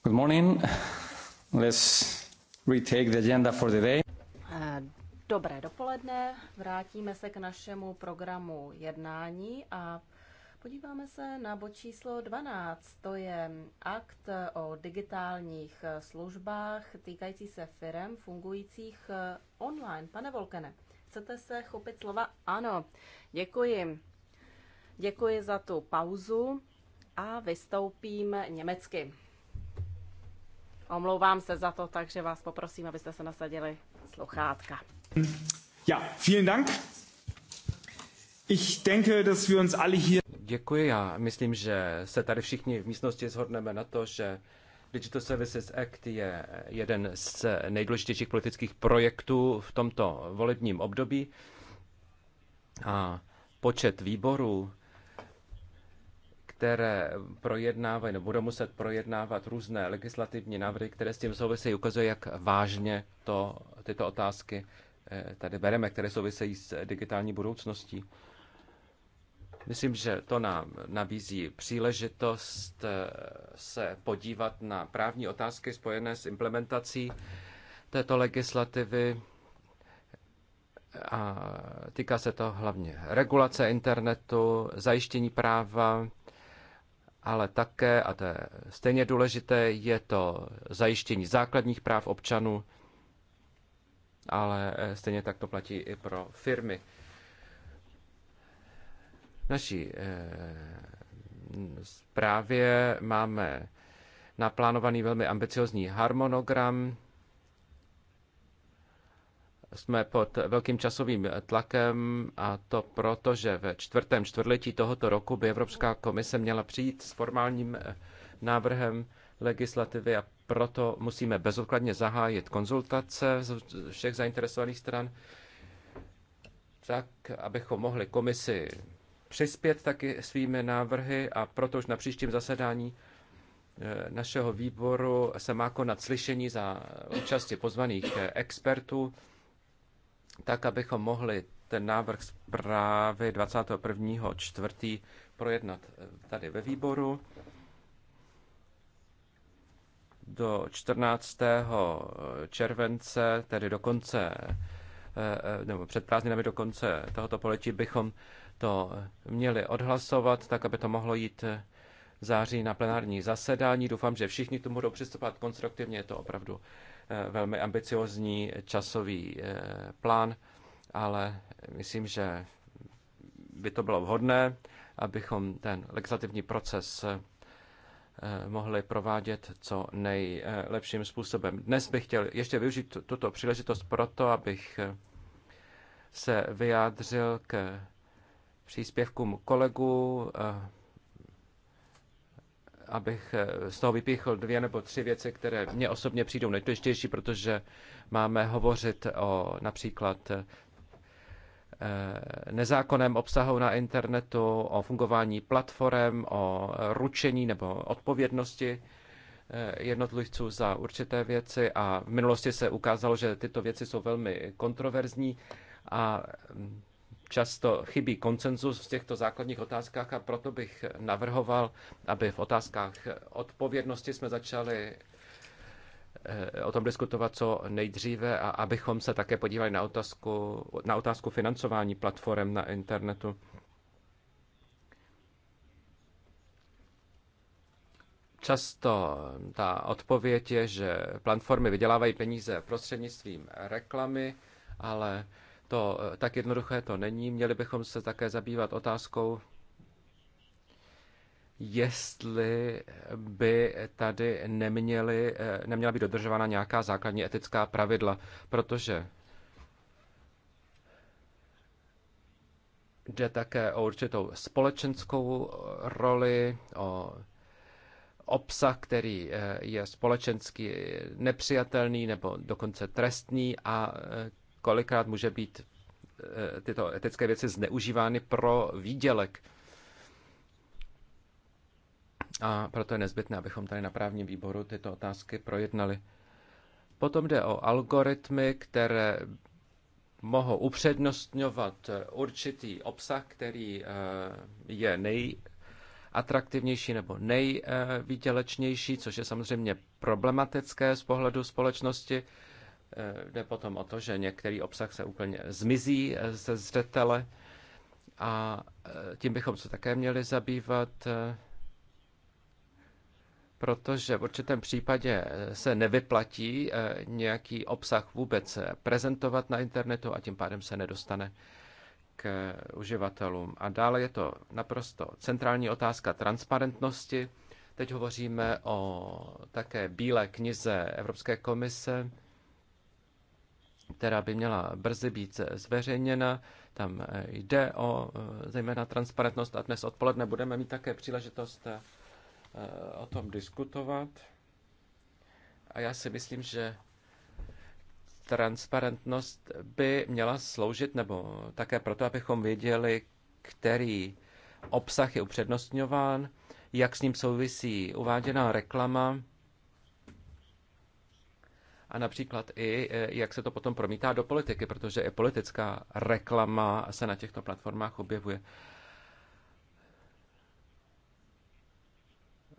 Good morning. Let's retake the agenda for the day. Eh, dobré dopoledne, vrátíme se k našemu programu jednání a podíváme se na bod číslo 12. To je akt o digitálních službách týkající se firm fungujících eh, online. Pane Volkene, chcete se chopit slova? Ano, děkuji. Děkuji za tu pauzu a vystoupím německy. Omlouvám se za to, takže vás poprosím, abyste se nasadili sluchátka. Ja, vielen Dank. Ich denke, dass wir uns alle hier... Děkuji, já myslím, že se tady všichni v místnosti shodneme na to, že Digital Services Act je jeden z nejdůležitějších politických projektů v tomto volebním období. A počet výborů, které projednávají, nebo budou muset projednávat různé legislativní návrhy, které s tím souvisejí, ukazuje, jak vážně to, tyto otázky eh, tady bereme, které souvisejí s digitální budoucností. Myslím, že to nám nabízí příležitost eh, se podívat na právní otázky spojené s implementací této legislativy. A týká se to hlavně regulace internetu, zajištění práva, ale také, a to je stejně důležité, je to zajištění základních práv občanů, ale eh, stejně tak to platí i pro firmy. V naší eh, zprávě máme naplánovaný velmi ambiciozní harmonogram, jsme pod velkým časovým tlakem a to proto, že ve čtvrtém čtvrtletí tohoto roku by Evropská komise měla přijít s formálním eh, návrhem legislativy a proto musíme bezodkladně zahájit konzultace z všech zainteresovaných stran, tak, abychom mohli komisi přispět taky svými návrhy a proto už na příštím zasedání eh, našeho výboru se má konat slyšení za účasti pozvaných eh, expertů tak abychom mohli ten návrh zprávy 21.4. projednat eh, tady ve výboru do 14. Eh, července, tedy do konce, eh, nebo před prázdninami do konce tohoto poletí bychom to měli odhlasovat, tak aby to mohlo jít září na plenární zasedání. Doufám, že všichni k tomu budou přistupovat konstruktivně, je to opravdu Eh, velmi ambiciozní časový eh, plán, ale myslím, že by to bylo vhodné, abychom ten legislativní proces eh, mohli provádět co nejlepším způsobem. Dnes bych chtěl ještě využít tuto příležitost proto, abych se vyjádřil k příspěvkům kolegů, abych eh, z toho vypíchl dvě nebo tři věci, které mě osobně přijdou nejdůležitější, protože máme hovořit o například eh, nezákonném obsahu na internetu, o fungování platform, o ručení nebo odpovědnosti eh, jednotlivců za určité věci a v minulosti se ukázalo, že tyto věci jsou velmi kontroverzní a mm, Často chybí koncenzus v těchto základních otázkách a proto bych navrhoval, aby v otázkách odpovědnosti jsme začali eh, o tom diskutovat co nejdříve a abychom se také podívali na otázku, na otázku financování platform na internetu. Často ta odpověď je, že platformy vydělávají peníze prostřednictvím reklamy, ale to eh, tak jednoduché to není. Měli bychom se také zabývat otázkou, jestli by tady neměli, eh, neměla být dodržována nějaká základní etická pravidla, protože jde také o určitou společenskou roli, o obsah, který eh, je společensky nepřijatelný nebo dokonce trestný a kolikrát může být eh, tyto etické věci zneužívány pro výdělek. A proto je nezbytné, abychom tady na právním výboru tyto otázky projednali. Potom jde o algoritmy, které mohou upřednostňovat eh, určitý obsah, který eh, je nejatraktivnější nebo nejvýdělečnější, což je samozřejmě problematické z pohledu společnosti. Eh, jde potom o to, že některý obsah se úplně zmizí eh, ze zřetele a eh, tím bychom se také měli zabývat, protože v určitém případě se nevyplatí nějaký obsah vůbec prezentovat na internetu a tím pádem se nedostane k uživatelům. A dále je to naprosto centrální otázka transparentnosti. Teď hovoříme o také bílé knize Evropské komise, která by měla brzy být zveřejněna. Tam jde o eh, zejména transparentnost a dnes odpoledne budeme mít také příležitost eh, o tom diskutovat. A já si myslím, že transparentnost by měla sloužit nebo také proto, abychom věděli, který obsah je upřednostňován, jak s ním souvisí uváděná reklama, a například i, e, jak se to potom promítá do politiky, protože i politická reklama se na těchto platformách objevuje.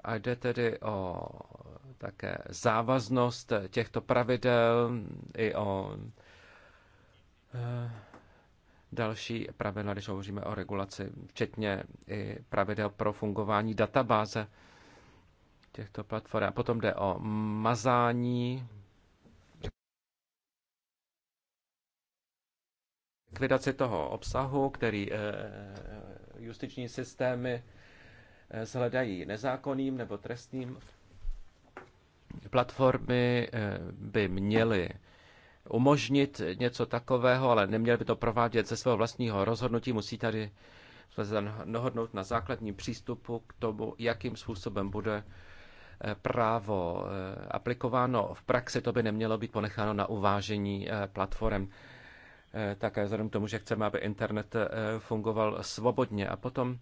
A jde tedy o také závaznost těchto pravidel i o e, další pravidla, když hovoříme o regulaci, včetně i pravidel pro fungování databáze těchto platform. A potom jde o mazání likvidaci toho obsahu, který eh, eh, justiční systémy shledají eh, nezákonným nebo trestným. Platformy by měly umožnit něco takového, ale neměly by to provádět ze svého vlastního rozhodnutí. Musí tady se dohodnout na základním přístupu k tomu, jakým způsobem bude právo aplikováno v praxi. To by nemělo být ponecháno na uvážení platform. Eh, také vzhledem k tomu, že chceme, aby internet eh, fungoval svobodně. A potom eh,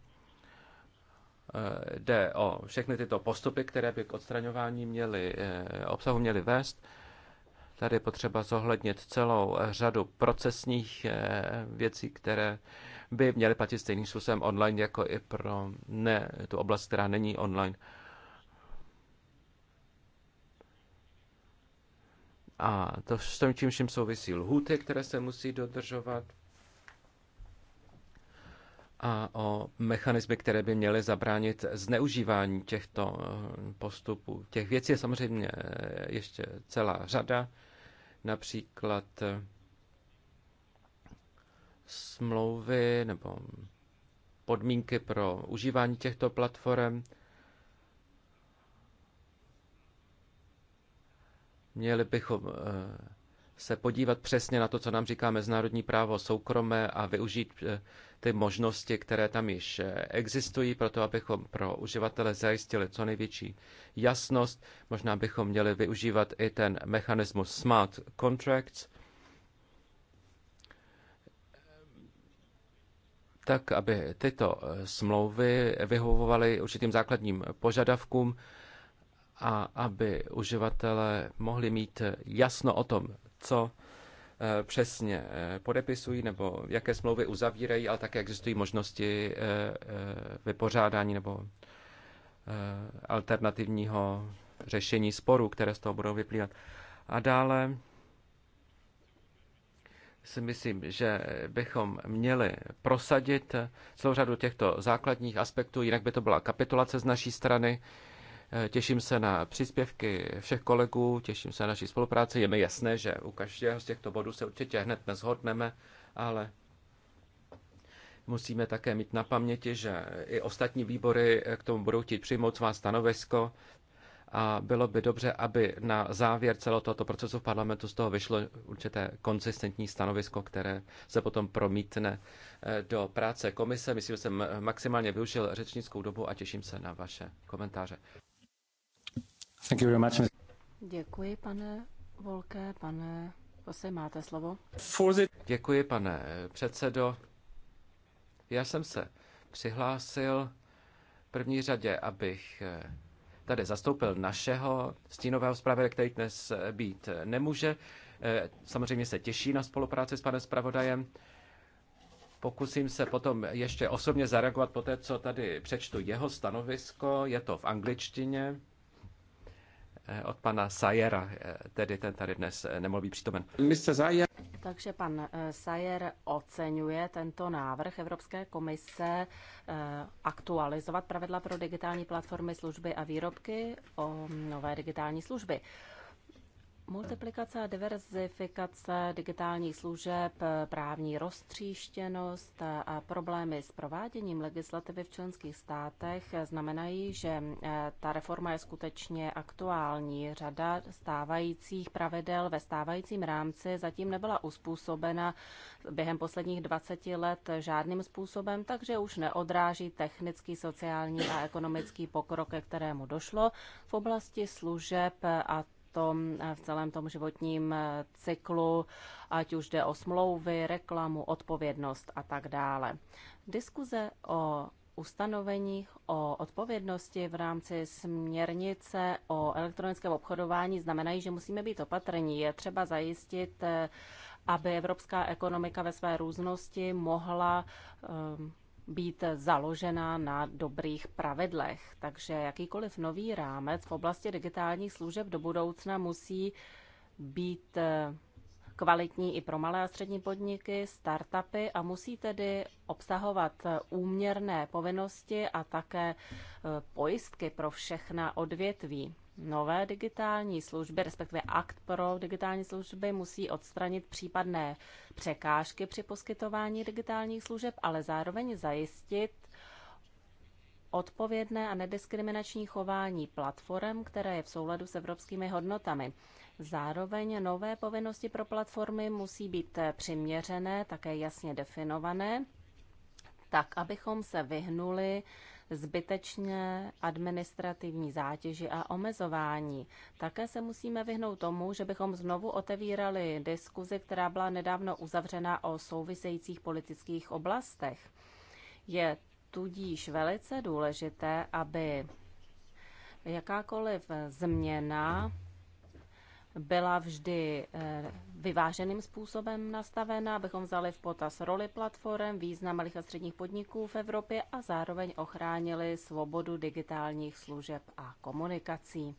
jde o všechny tyto postupy, které by k odstraňování měly, obsahu měly vést. Tady je potřeba zohlednit celou řadu procesních věcí, které by měly platit stejným způsobem online, jako i pro ne, tu oblast, která není online. A to s tím čím vším souvisí lhuty, které se musí dodržovat a o mechanismy, které by měly zabránit zneužívání těchto eh, postupů. Těch věcí je samozřejmě eh, ještě celá řada, například eh, smlouvy nebo podmínky pro užívání těchto platform, Měli bychom eh, se podívat přesně na to, co nám říká mezinárodní právo soukromé a využít eh, ty možnosti, které tam již eh, existují, proto abychom pro uživatele zajistili co největší jasnost. Možná bychom měli využívat i ten mechanismus smart contracts, tak aby tyto smlouvy vyhovovaly určitým základním požadavkům a aby uživatelé mohli mít jasno o tom, co eh, přesně eh, podepisují nebo jaké smlouvy uzavírají, ale také existují možnosti eh, vypořádání nebo alternativního řešení sporů, které z toho budou vyplývat. A dále si myslím, že bychom měli prosadit celou řadu těchto základních aspektů, jinak by to byla kapitulace z naší strany. Eh, těším se na příspěvky všech kolegů, těším se na naší spolupráci. Je mi jasné, že u každého z těchto bodů se určitě hned nezhodneme, ale musíme také mít na paměti, že i ostatní výbory eh, k tomu budou chtít přijmout svá stanovisko a bylo by dobře, aby na závěr celého tohoto procesu v parlamentu z toho vyšlo určité konsistentní stanovisko, které se potom promítne eh, do práce komise. Myslím, že jsem maximálně využil řečnickou dobu a těším se na vaše komentáře. Thank you very much. Děkuji, pane Volké, pane Jose, máte slovo. Děkuji, pane předsedo. Já jsem se přihlásil v první řadě, abych eh, tady zastoupil našeho stínového zpravodaje, který dnes eh, být eh, nemůže. Samozřejmě se těší na spolupráci s panem zpravodajem. Pokusím se potom ještě osobně zareagovat po té, co tady přečtu jeho stanovisko. Je to v angličtině. Eh, od pana Sajera, eh, tedy ten tady dnes eh, nemohl být přítomen. Takže pan Sajer oceňuje tento návrh Evropské komise aktualizovat pravidla pro digitální platformy služby a výrobky o nové digitální služby. Multiplikace a diverzifikace digitálních služeb, právní roztříštěnost a problémy s prováděním legislativy v členských státech znamenají, že eh, ta reforma je skutečně aktuální. Řada stávajících pravidel ve stávajícím rámci zatím nebyla uspůsobena během posledních 20 let žádným způsobem, takže už neodráží technický, sociální a ekonomický pokrok, ke kterému došlo v oblasti služeb a tom eh, v celém tom životním eh, cyklu, ať už jde o smlouvy, reklamu, odpovědnost a tak dále. Diskuze o ustanoveních o odpovědnosti v rámci směrnice o elektronickém obchodování znamenají, že musíme být opatrní. Je třeba zajistit, eh, aby evropská ekonomika ve své různosti mohla ehm, být založena na dobrých pravidlech. Takže jakýkoliv nový rámec v oblasti digitálních služeb do budoucna musí být eh, kvalitní i pro malé a střední podniky, startupy a musí tedy obsahovat eh, úměrné povinnosti a také eh, pojistky pro všechna odvětví nové digitální služby, respektive akt pro digitální služby, musí odstranit případné překážky při poskytování digitálních služeb, ale zároveň zajistit odpovědné a nediskriminační chování platform, které je v souladu s evropskými hodnotami. Zároveň nové povinnosti pro platformy musí být přiměřené, také jasně definované, tak abychom se vyhnuli zbytečně administrativní zátěži a omezování. Také se musíme vyhnout tomu, že bychom znovu otevírali diskuzi, která byla nedávno uzavřena o souvisejících politických oblastech. Je tudíž velice důležité, aby jakákoliv změna byla vždy eh, vyváženým způsobem nastavena, abychom vzali v potaz roli platform, význam malých a středních podniků v Evropě a zároveň ochránili svobodu digitálních služeb a komunikací.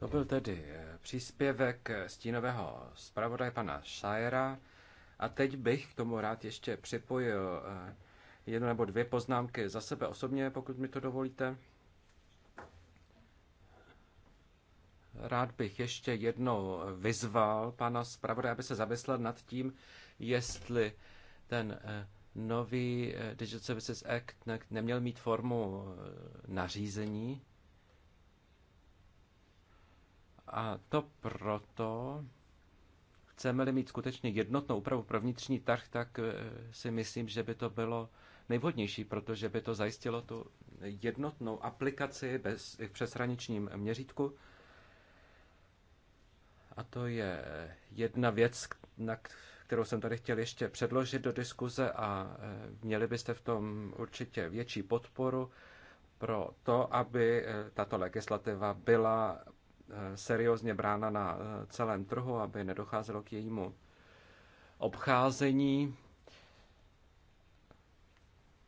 To byl tedy eh, příspěvek eh, stínového zpravodaje pana Šajera a teď bych k tomu rád ještě připojil jednu nebo dvě poznámky za sebe osobně, pokud mi to dovolíte. Rád bych ještě jednou vyzval pana zpravodaje, aby se zamyslel nad tím, jestli ten eh, nový eh, Digital Services Act neměl mít formu eh, nařízení. A to proto, chceme-li mít skutečně jednotnou úpravu pro vnitřní trh, tak si myslím, že by to bylo nejvhodnější, protože by to zajistilo tu jednotnou aplikaci bez přeshraničním měřítku. A to je jedna věc, na kterou jsem tady chtěl ještě předložit do diskuze a e, měli byste v tom určitě větší podporu pro to, aby e, tato legislativa byla e, seriózně brána na celém trhu, aby nedocházelo k jejímu obcházení.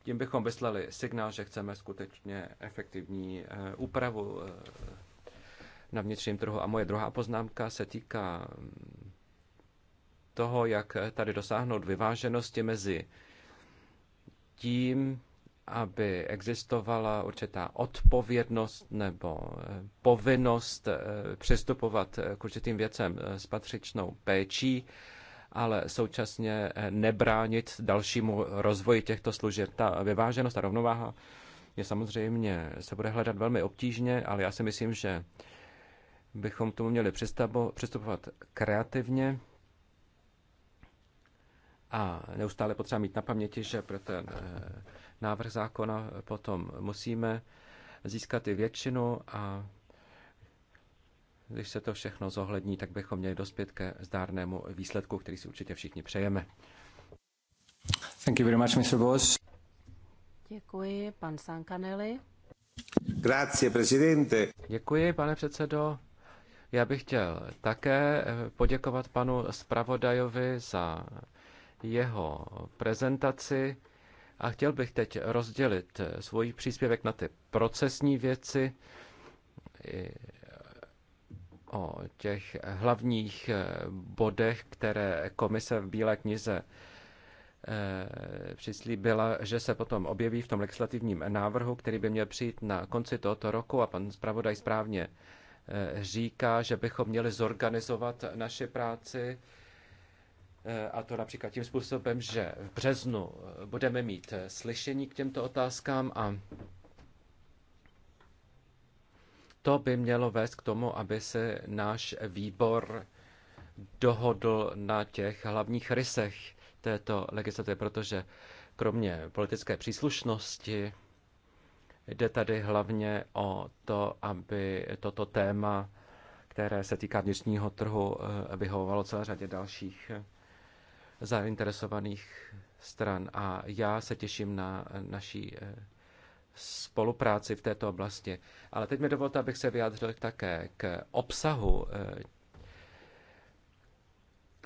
Tím bychom vyslali signál, že chceme skutečně efektivní úpravu na vnitřním trhu. A moje druhá poznámka se týká mm, toho, jak tady dosáhnout vyváženosti mezi tím, aby existovala určitá odpovědnost nebo eh, povinnost eh, přistupovat eh, k určitým věcem s patřičnou péčí, ale současně nebránit dalšímu rozvoji těchto služeb. Ta vyváženost a rovnováha je samozřejmě se bude hledat velmi obtížně, ale já si myslím, že bychom k tomu měli přistupovat kreativně a neustále potřeba mít na paměti, že pro ten eh, návrh zákona potom musíme získat i většinu a když se to všechno zohlední, tak bychom měli dospět ke zdárnému výsledku, který si určitě všichni přejeme. Thank you very much, Mr. Boss. Děkuji, pan Sankanelli. Grazie, presidente. Děkuji, pane předsedo. Já bych chtěl také eh, poděkovat panu zpravodajovi za jeho prezentaci a chtěl bych teď rozdělit eh, svůj příspěvek na ty procesní věci, eh, o těch hlavních bodech, které komise v Bílé knize přislíbila, že se potom objeví v tom legislativním návrhu, který by měl přijít na konci tohoto roku a pan zpravodaj správně Eh, říká, že bychom měli zorganizovat naši práci eh, a to například tím způsobem, že v březnu eh, budeme mít slyšení k těmto otázkám a to by mělo vést k tomu, aby se náš výbor dohodl na těch hlavních rysech této legislativy, protože kromě politické příslušnosti Jde tady hlavně o to, aby toto téma, které se týká vnitřního trhu, eh, vyhovovalo celé řadě dalších eh, zainteresovaných stran. A já se těším na eh, naší spolupráci v této oblasti. Ale teď mi dovolte, abych se vyjádřil také k obsahu.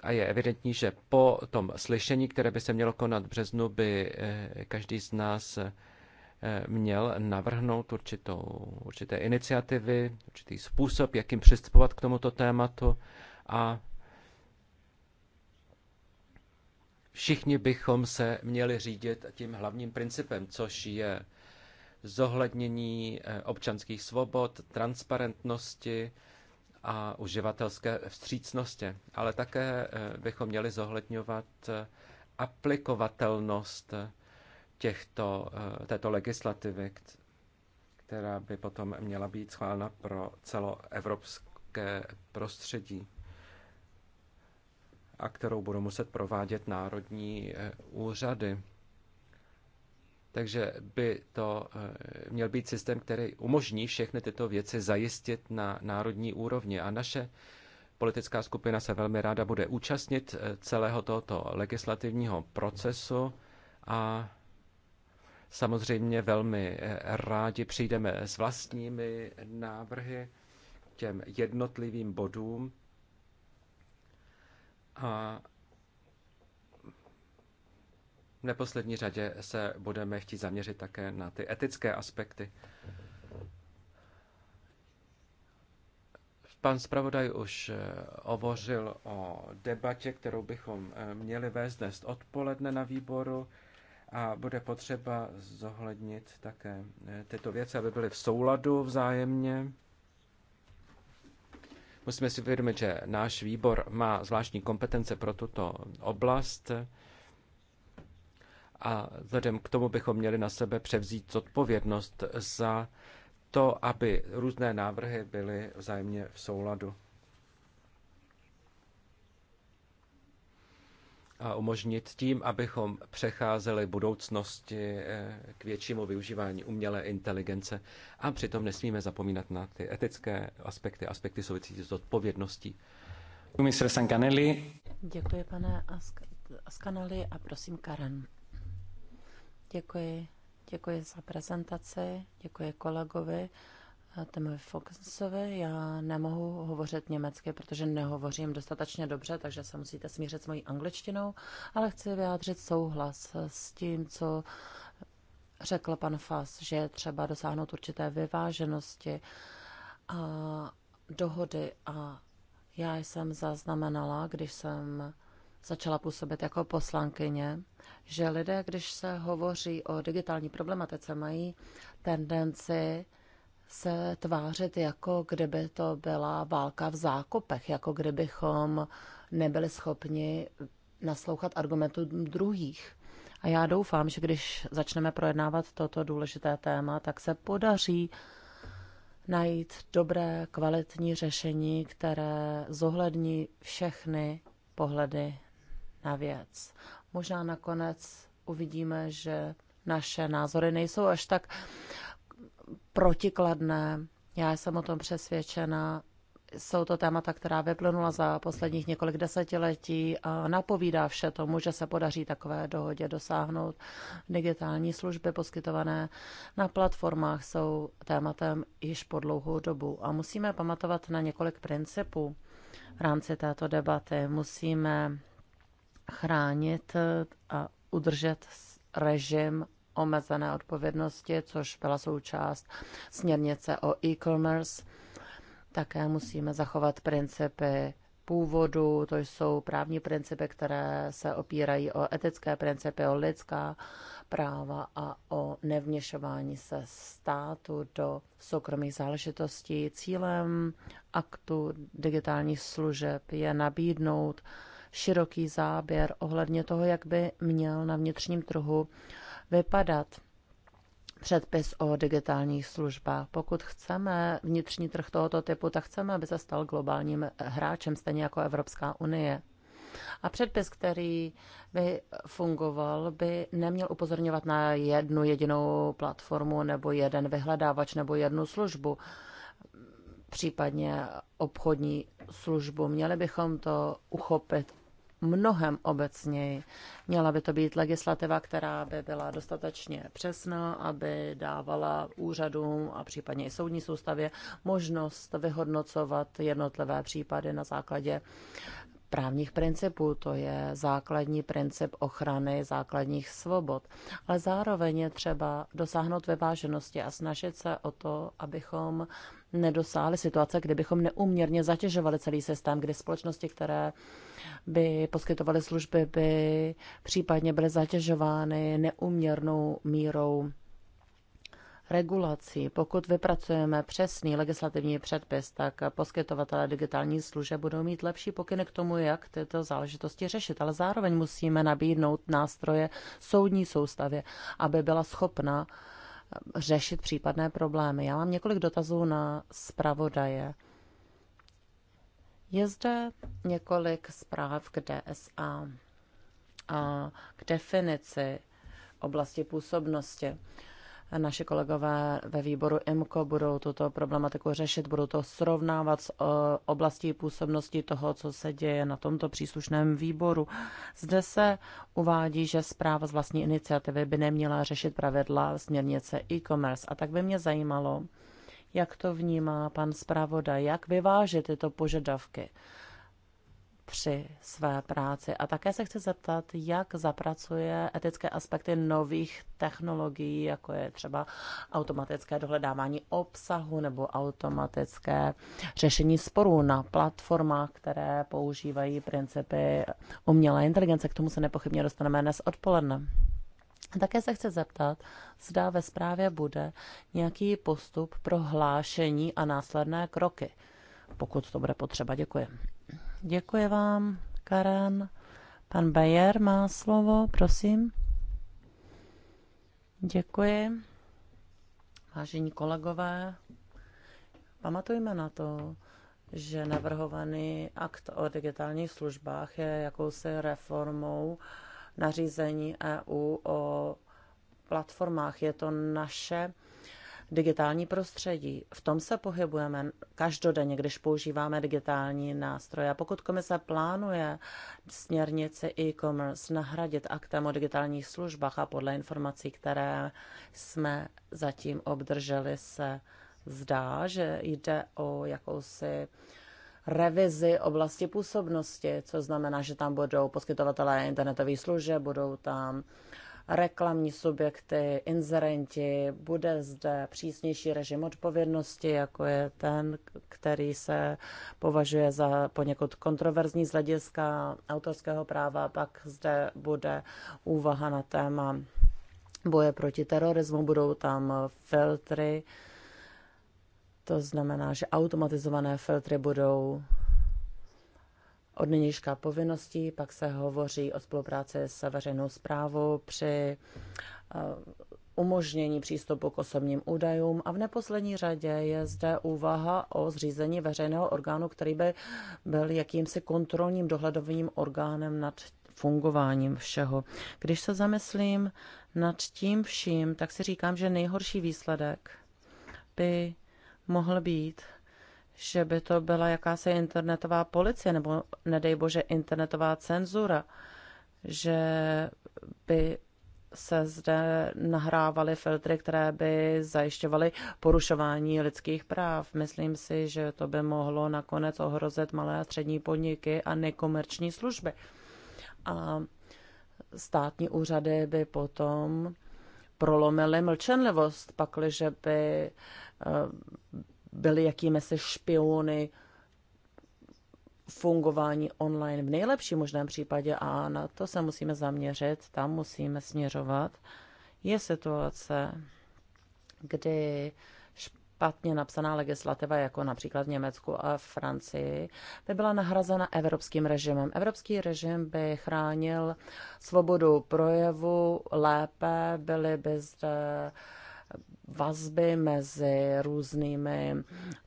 A je evidentní, že po tom slyšení, které by se mělo konat v březnu, by každý z nás Eh, měl navrhnout určitou, určité iniciativy, určitý způsob, jakým přistupovat k tomuto tématu a všichni bychom se měli řídit tím hlavním principem, což je zohlednění eh, občanských svobod, transparentnosti a uživatelské vstřícnosti. Ale také eh, bychom měli zohledňovat aplikovatelnost těchto, eh, této legislativy, která by potom měla být schválena pro celoevropské prostředí a kterou budou muset provádět národní eh, úřady. Takže by to eh, měl být systém, který umožní všechny tyto věci zajistit na národní úrovni. A naše politická skupina se velmi ráda bude účastnit celého tohoto legislativního procesu a Samozřejmě velmi eh, rádi přijdeme s vlastními návrhy těm jednotlivým bodům. A v neposlední řadě se budeme chtít zaměřit také na ty etické aspekty. Pan zpravodaj už eh, hovořil o debatě, kterou bychom eh, měli vést dnes odpoledne na výboru a bude potřeba zohlednit také eh, tyto věci, aby byly v souladu vzájemně. Musíme si uvědomit, že náš výbor má zvláštní kompetence pro tuto oblast a vzhledem k tomu bychom měli na sebe převzít zodpovědnost za to, aby různé návrhy byly vzájemně v souladu. a umožnit tím, abychom přecházeli budoucnosti eh, k většímu využívání umělé inteligence a přitom nesmíme zapomínat na ty etické aspekty, aspekty související s odpovědností. Mistr Sankanelli. Děkuji, pane Askanelli a prosím Karen. Děkuji. Děkuji za prezentaci, děkuji kolegovi Temovi Fokusovi. Já nemohu hovořit německy, protože nehovořím dostatečně dobře, takže se musíte smířit s mojí angličtinou, ale chci vyjádřit souhlas s tím, co řekl pan Fas, že je třeba dosáhnout určité vyváženosti a dohody a já jsem zaznamenala, když jsem začala působit jako poslankyně, že lidé, když se hovoří o digitální problematice, mají tendenci se tvářit, jako kdyby to byla válka v zákopech, jako kdybychom nebyli schopni naslouchat argumentům druhých. A já doufám, že když začneme projednávat toto důležité téma, tak se podaří najít dobré, kvalitní řešení, které zohlední všechny pohledy na věc. Možná nakonec uvidíme, že naše názory nejsou až tak protikladné. Já jsem o tom přesvědčena. Jsou to témata, která vyplynula za posledních několik desetiletí a napovídá vše tomu, že se podaří takové dohodě dosáhnout. Digitální služby poskytované na platformách jsou tématem již po dlouhou dobu a musíme pamatovat na několik principů v rámci této debaty. Musíme chránit a udržet režim omezené odpovědnosti, což byla součást směrnice o e-commerce. Také musíme zachovat principy původu, to jsou právní principy, které se opírají o etické principy, o lidská práva a o nevněšování se státu do soukromých záležitostí. Cílem aktu digitálních služeb je nabídnout široký záběr ohledně toho, jak by měl na vnitřním trhu vypadat předpis o digitálních službách. Pokud chceme vnitřní trh tohoto typu, tak chceme, aby se stal globálním hráčem, stejně jako Evropská unie. A předpis, který by fungoval, by neměl upozorňovat na jednu jedinou platformu nebo jeden vyhledávač nebo jednu službu, případně obchodní službu. Měli bychom to uchopit mnohem obecněji. Měla by to být legislativa, která by byla dostatečně přesná, aby dávala úřadům a případně i soudní soustavě možnost vyhodnocovat jednotlivé případy na základě právních principů. To je základní princip ochrany základních svobod. Ale zároveň je třeba dosáhnout vyváženosti a snažit se o to, abychom nedosáhli situace, kdybychom neuměrně zatěžovali celý systém, kdy společnosti, které by poskytovaly služby, by případně byly zatěžovány neuměrnou mírou regulací. Pokud vypracujeme přesný legislativní předpis, tak poskytovatelé digitálních služeb budou mít lepší pokyny k tomu, jak tyto záležitosti řešit. Ale zároveň musíme nabídnout nástroje soudní soustavě, aby byla schopna eh, řešit případné problémy. Já mám několik dotazů na zpravodaje. Je zde několik zpráv k DSA a k definici oblasti působnosti naše kolegové ve výboru IMCO budou tuto problematiku řešit, budou to srovnávat s eh, oblastí působnosti toho, co se děje na tomto příslušném výboru. Zde se uvádí, že zpráva z vlastní iniciativy by neměla řešit pravidla směrnice e-commerce. A tak by mě zajímalo, jak to vnímá pan zpravodaj, jak vyvážit tyto požadavky při své práci. A také se chci zeptat, jak zapracuje etické aspekty nových technologií, jako je třeba automatické dohledávání obsahu nebo automatické řešení sporů na platformách, které používají principy umělé inteligence. K tomu se nepochybně dostaneme dnes odpoledne. Také se chci zeptat, zda ve zprávě bude nějaký postup pro hlášení a následné kroky, pokud to bude potřeba. Děkuji. Děkuji vám, Karan. Pan Bayer má slovo, prosím. Děkuji. Vážení kolegové, pamatujme na to, že navrhovaný akt o digitálních službách je jakousi reformou nařízení EU o platformách. Je to naše digitální prostředí. V tom se pohybujeme každodenně, když používáme digitální nástroje. A pokud komise plánuje směrnici e-commerce nahradit aktem o digitálních službách a podle informací, které jsme zatím obdrželi, se zdá, že jde o jakousi revizi oblasti působnosti, co znamená, že tam budou poskytovatelé internetových služeb, budou tam uh, reklamní subjekty, inzerenti, bude zde přísnější režim odpovědnosti, jako je ten, který se považuje za poněkud kontroverzní z hlediska autorského práva, pak zde bude úvaha na téma boje proti terorismu, budou tam filtry, to znamená, že automatizované filtry budou od nynějška povinností, pak se hovoří o spolupráci s veřejnou zprávou při eh, umožnění přístupu k osobním údajům a v neposlední řadě je zde úvaha o zřízení veřejného orgánu, který by byl jakýmsi kontrolním dohledovým orgánem nad fungováním všeho. Když se zamyslím nad tím vším, tak si říkám, že nejhorší výsledek by mohl být že by to byla jakási internetová policie nebo nedej bože internetová cenzura, že by se zde nahrávaly filtry, které by zajišťovaly porušování lidských práv. Myslím si, že to by mohlo nakonec ohrozit malé a střední podniky a nekomerční služby. A státní úřady by potom prolomily mlčenlivost, pakliže by eh, byli jakými se špiony fungování online v nejlepším možném případě a na to se musíme zaměřit, tam musíme směřovat, je situace, kdy špatně napsaná legislativa, jako například v Německu a v Francii, by byla nahrazena evropským režimem. Evropský režim by chránil svobodu projevu lépe, byly by zde uh, vazby mezi různými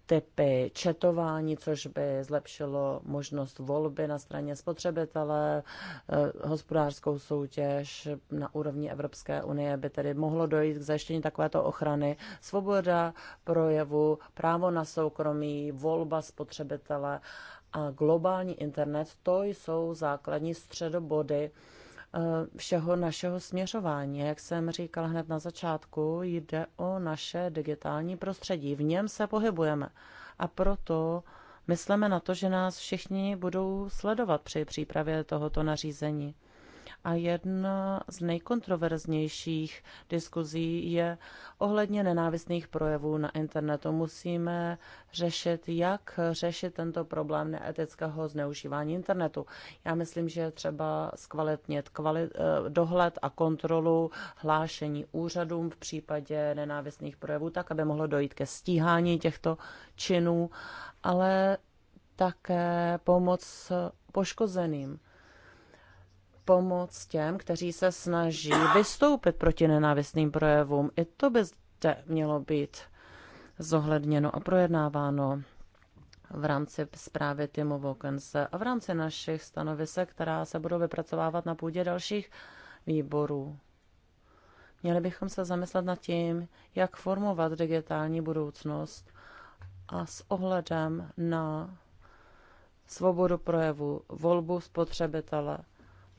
typy četování, což by zlepšilo možnost volby na straně spotřebitele, eh, hospodářskou soutěž na úrovni Evropské unie by tedy mohlo dojít k zajištění takovéto ochrany. Svoboda projevu, právo na soukromí, volba spotřebitele a globální internet, to jsou základní středobody Eh, všeho našeho směřování. Jak jsem říkal hned na začátku, jde o naše digitální prostředí. V něm se pohybujeme. A proto myslíme na to, že nás všichni budou sledovat při přípravě tohoto nařízení. A jedna z nejkontroverznějších diskuzí je ohledně nenávistných projevů na internetu. Musíme řešit, jak řešit tento problém neetického zneužívání internetu. Já myslím, že je třeba zkvalitnit kvalit, eh, dohled a kontrolu hlášení úřadům v případě nenávistných projevů, tak, aby mohlo dojít ke stíhání těchto činů, ale také pomoc poškozeným pomoc těm, kteří se snaží vystoupit proti nenávistným projevům. I to by zde mělo být zohledněno a projednáváno v rámci zprávy Timo Vokense a v rámci našich stanovisek, která se budou vypracovávat na půdě dalších výborů. Měli bychom se zamyslet nad tím, jak formovat digitální budoucnost a s ohledem na svobodu projevu, volbu spotřebitele,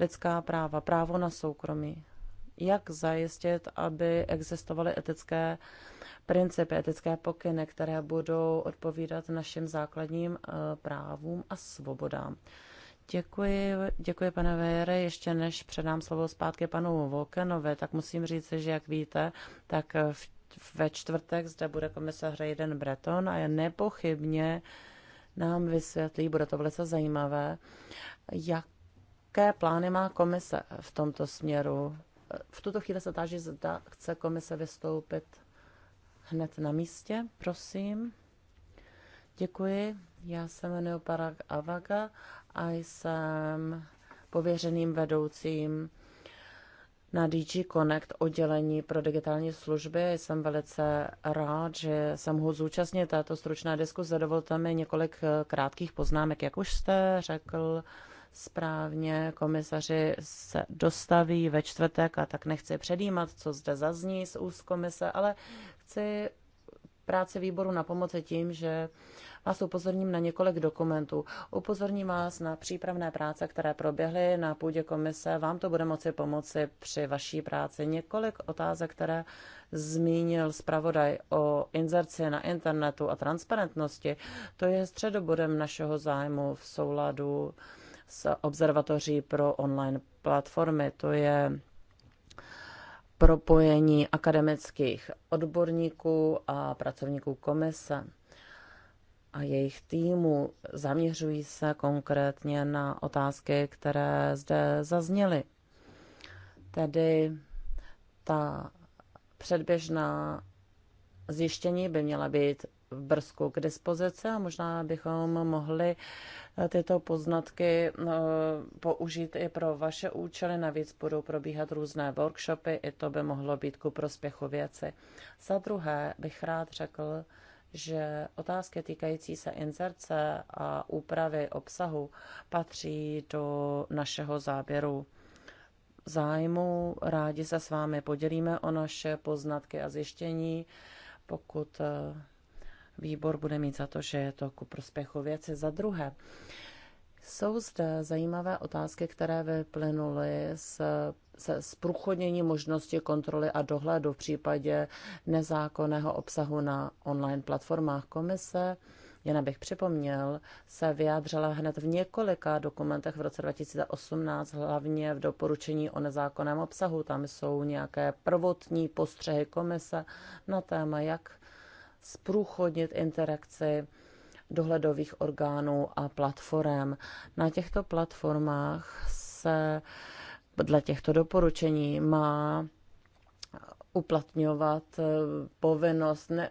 lidská práva, právo na soukromí. Jak zajistit, aby existovaly etické principy, etické pokyny, které budou odpovídat našim základním eh, právům a svobodám. Děkuji, děkuji pane Vejere. Ještě než předám slovo zpátky panu Volkenovi, tak musím říct, že jak víte, tak v, ve čtvrtek zde bude komisař Hrejden Breton a je nepochybně nám vysvětlí, bude to velice zajímavé, jak Jaké plány má komise v tomto směru? V tuto chvíli se táží, zda chce komise vystoupit hned na místě, prosím. Děkuji. Já se jmenuji Parag Avaga a jsem pověřeným vedoucím na DG Connect oddělení pro digitální služby. Jsem velice rád, že jsem mohl zúčastnit této stručné diskuze. Dovolte mi několik krátkých poznámek. Jak už jste řekl, správně komisaři se dostaví ve čtvrtek a tak nechci předjímat, co zde zazní z úst komise, ale chci práci výboru na pomoci tím, že vás upozorním na několik dokumentů. Upozorním vás na přípravné práce, které proběhly na půdě komise. Vám to bude moci pomoci při vaší práci. Několik otázek, které zmínil zpravodaj o inzerci na internetu a transparentnosti, to je středobodem našeho zájmu v souladu s observatoří pro online platformy. To je propojení akademických odborníků a pracovníků komise a jejich týmu zaměřují se konkrétně na otázky, které zde zazněly. Tedy ta předběžná zjištění by měla být v Brzku k dispozici a možná bychom mohli eh, tyto poznatky eh, použít i pro vaše účely. Navíc budou probíhat různé workshopy, i to by mohlo být ku prospěchu věci. Za druhé bych rád řekl, že otázky týkající se inzerce a úpravy obsahu patří do našeho záběru zájmu. Rádi se s vámi podělíme o naše poznatky a zjištění, pokud eh, výbor bude mít za to, že je to ku prospěchu věci. Za druhé, jsou zde zajímavé otázky, které vyplynuly z se zprůchodnění možnosti kontroly a dohledu v případě nezákonného obsahu na online platformách komise. Jen abych připomněl, se vyjádřila hned v několika dokumentech v roce 2018, hlavně v doporučení o nezákonném obsahu. Tam jsou nějaké prvotní postřehy komise na téma, jak zprůchodnit interakci dohledových orgánů a platform. Na těchto platformách se dle těchto doporučení má uplatňovat povinnost ne,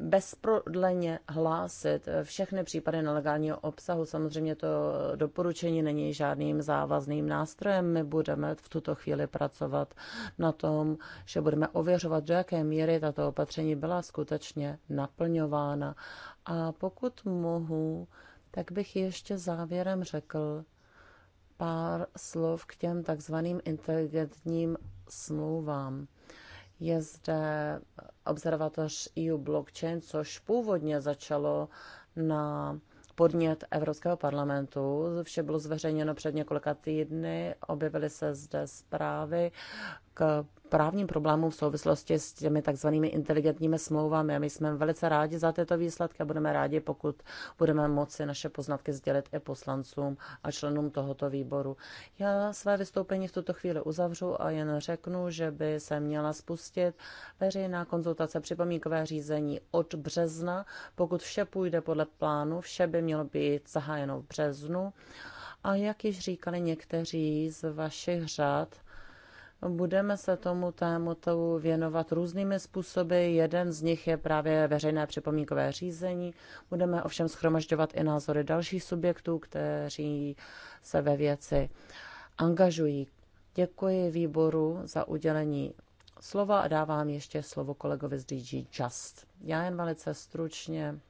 bezprodleně hlásit eh, všechny případy nelegálního obsahu. Samozřejmě to doporučení není žádným závazným nástrojem. My budeme v tuto chvíli pracovat na tom, že budeme ověřovat, do jaké míry tato opatření byla skutečně naplňována. A pokud mohu, tak bych ještě závěrem řekl pár slov k těm takzvaným inteligentním smlouvám. Je zde observatoř EU Blockchain, což původně začalo na podnět Evropského parlamentu. Vše bylo zveřejněno před několika týdny, objevily se zde zprávy k právním problémům v souvislosti s těmi takzvanými inteligentními smlouvami. My jsme velice rádi za tyto výsledky a budeme rádi, pokud budeme moci naše poznatky sdělit i poslancům a členům tohoto výboru. Já své vystoupení v tuto chvíli uzavřu a jen řeknu, že by se měla spustit veřejná konzultace připomínkové řízení od března. Pokud vše půjde podle plánu, vše by mělo být zahájeno v březnu. A jak již říkali někteří z vašich řad, Budeme se tomu tématu věnovat různými způsoby. Jeden z nich je právě veřejné připomínkové řízení. Budeme ovšem schromažďovat i názory dalších subjektů, kteří se ve věci angažují. Děkuji výboru za udělení slova a dávám ještě slovo kolegovi z DG Just. Já jen velice stručně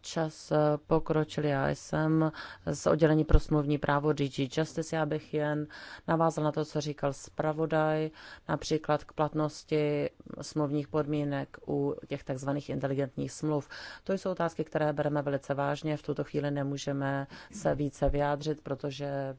čas eh, pokročili. Já jsem z oddělení pro smluvní právo DG Justice. Já bych jen navázal na to, co říkal zpravodaj, například k platnosti smluvních podmínek u těch takzvaných inteligentních smluv. To jsou otázky, které bereme velice vážně. V tuto chvíli nemůžeme se více vyjádřit, protože eh,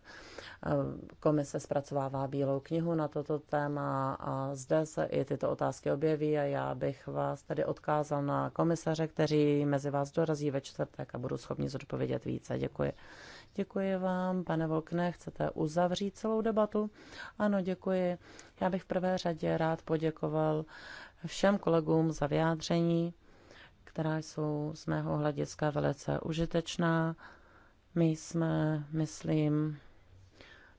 komise zpracovává bílou knihu na toto téma a zde se i tyto otázky objeví a já bych vás tedy odkázal na komisaře, kteří mezi vás dorazí dorazí ve čtvrtek a budu schopni zodpovědět více. Děkuji. Děkuji vám, pane Volkne, chcete uzavřít celou debatu? Ano, děkuji. Já bych v prvé řadě rád poděkoval všem kolegům za vyjádření, která jsou z mého hlediska velice užitečná. My jsme, myslím,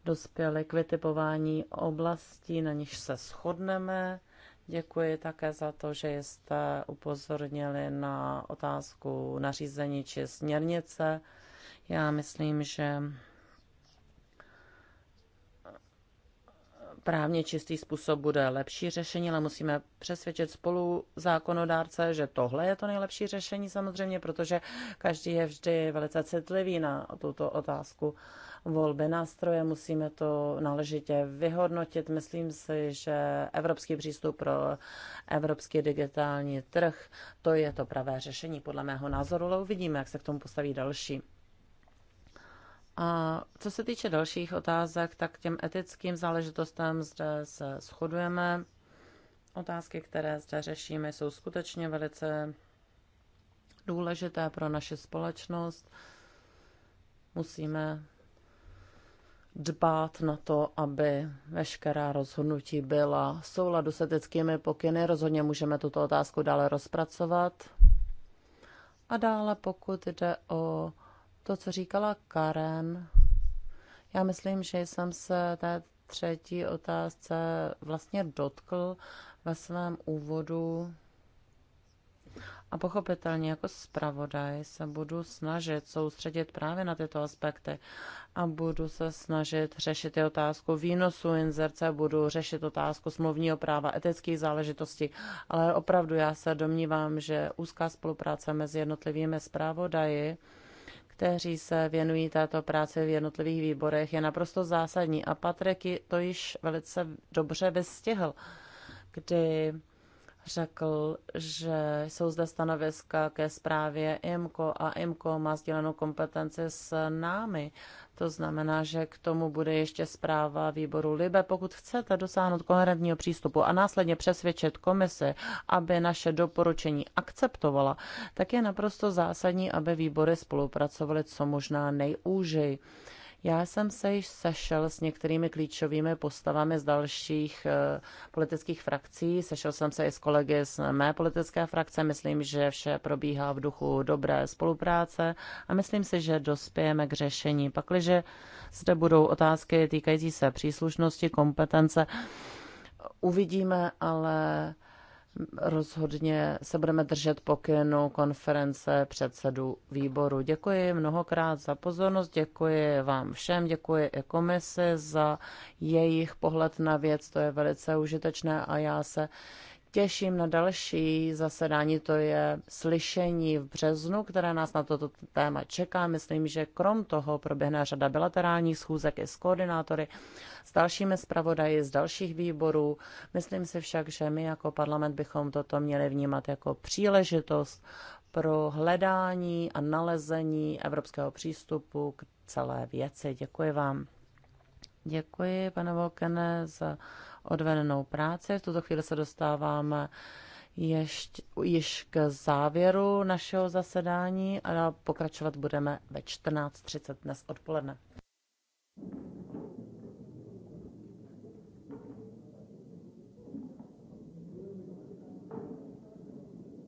dospěli k vytipování oblastí, na nich se shodneme Děkuji také za to, že jste upozornili na otázku nařízení či směrnice. Já myslím, že právně čistý způsob bude lepší řešení, ale musíme přesvědčit spolu zákonodárce, že tohle je to nejlepší řešení samozřejmě, protože každý je vždy velice citlivý na tuto otázku volby nástroje. Musíme to náležitě vyhodnotit. Myslím si, že evropský přístup pro evropský digitální trh, to je to pravé řešení podle mého názoru, ale uvidíme, jak se k tomu postaví další. A co se týče dalších otázek, tak těm etickým záležitostem zde se shodujeme. Otázky, které zde řešíme, jsou skutečně velice důležité pro naši společnost. Musíme dbát na to, aby veškerá rozhodnutí byla v souladu s etickými pokyny. Rozhodně můžeme tuto otázku dále rozpracovat. A dále, pokud jde o to, co říkala Karen, já myslím, že jsem se té třetí otázce vlastně dotkl ve svém úvodu. A pochopitelně jako zpravodaj se budu snažit soustředit právě na tyto aspekty a budu se snažit řešit i otázku výnosu inzerce, budu řešit otázku smluvního práva, etických záležitostí, ale opravdu já se domnívám, že úzká spolupráce mezi jednotlivými zpravodaji kteří se věnují této práci v jednotlivých výborech, je naprosto zásadní. A Patrik to již velice dobře vystihl, kdy řekl, že jsou zde stanoviska ke zprávě IMCO a IMCO má sdílenou kompetenci s námi. To znamená, že k tomu bude ještě zpráva výboru LIBE. Pokud chcete dosáhnout koherentního přístupu a následně přesvědčit komisi, aby naše doporučení akceptovala, tak je naprosto zásadní, aby výbory spolupracovaly co možná nejúžej. Já jsem se již sešel s některými klíčovými postavami z dalších eh, politických frakcí. Sešel jsem se i s kolegy z mé politické frakce. Myslím, že vše probíhá v duchu dobré spolupráce a myslím si, že dospějeme k řešení. Pakliže zde budou otázky týkající se příslušnosti, kompetence, uvidíme, ale Rozhodně se budeme držet pokynu konference předsedů výboru. Děkuji mnohokrát za pozornost, děkuji vám všem, děkuji i komisi za jejich pohled na věc, to je velice užitečné a já se těším na další zasedání, to je slyšení v březnu, které nás na toto téma čeká. Myslím, že krom toho proběhne řada bilaterálních schůzek i s koordinátory, s dalšími zpravodaji z dalších výborů. Myslím si však, že my jako parlament bychom toto měli vnímat jako příležitost pro hledání a nalezení evropského přístupu k celé věci. Děkuji vám. Děkuji, pane Volkene, za odvedenou práci. V tuto chvíli se dostáváme ještě, již k závěru našeho zasedání a pokračovat budeme ve 14.30 dnes odpoledne.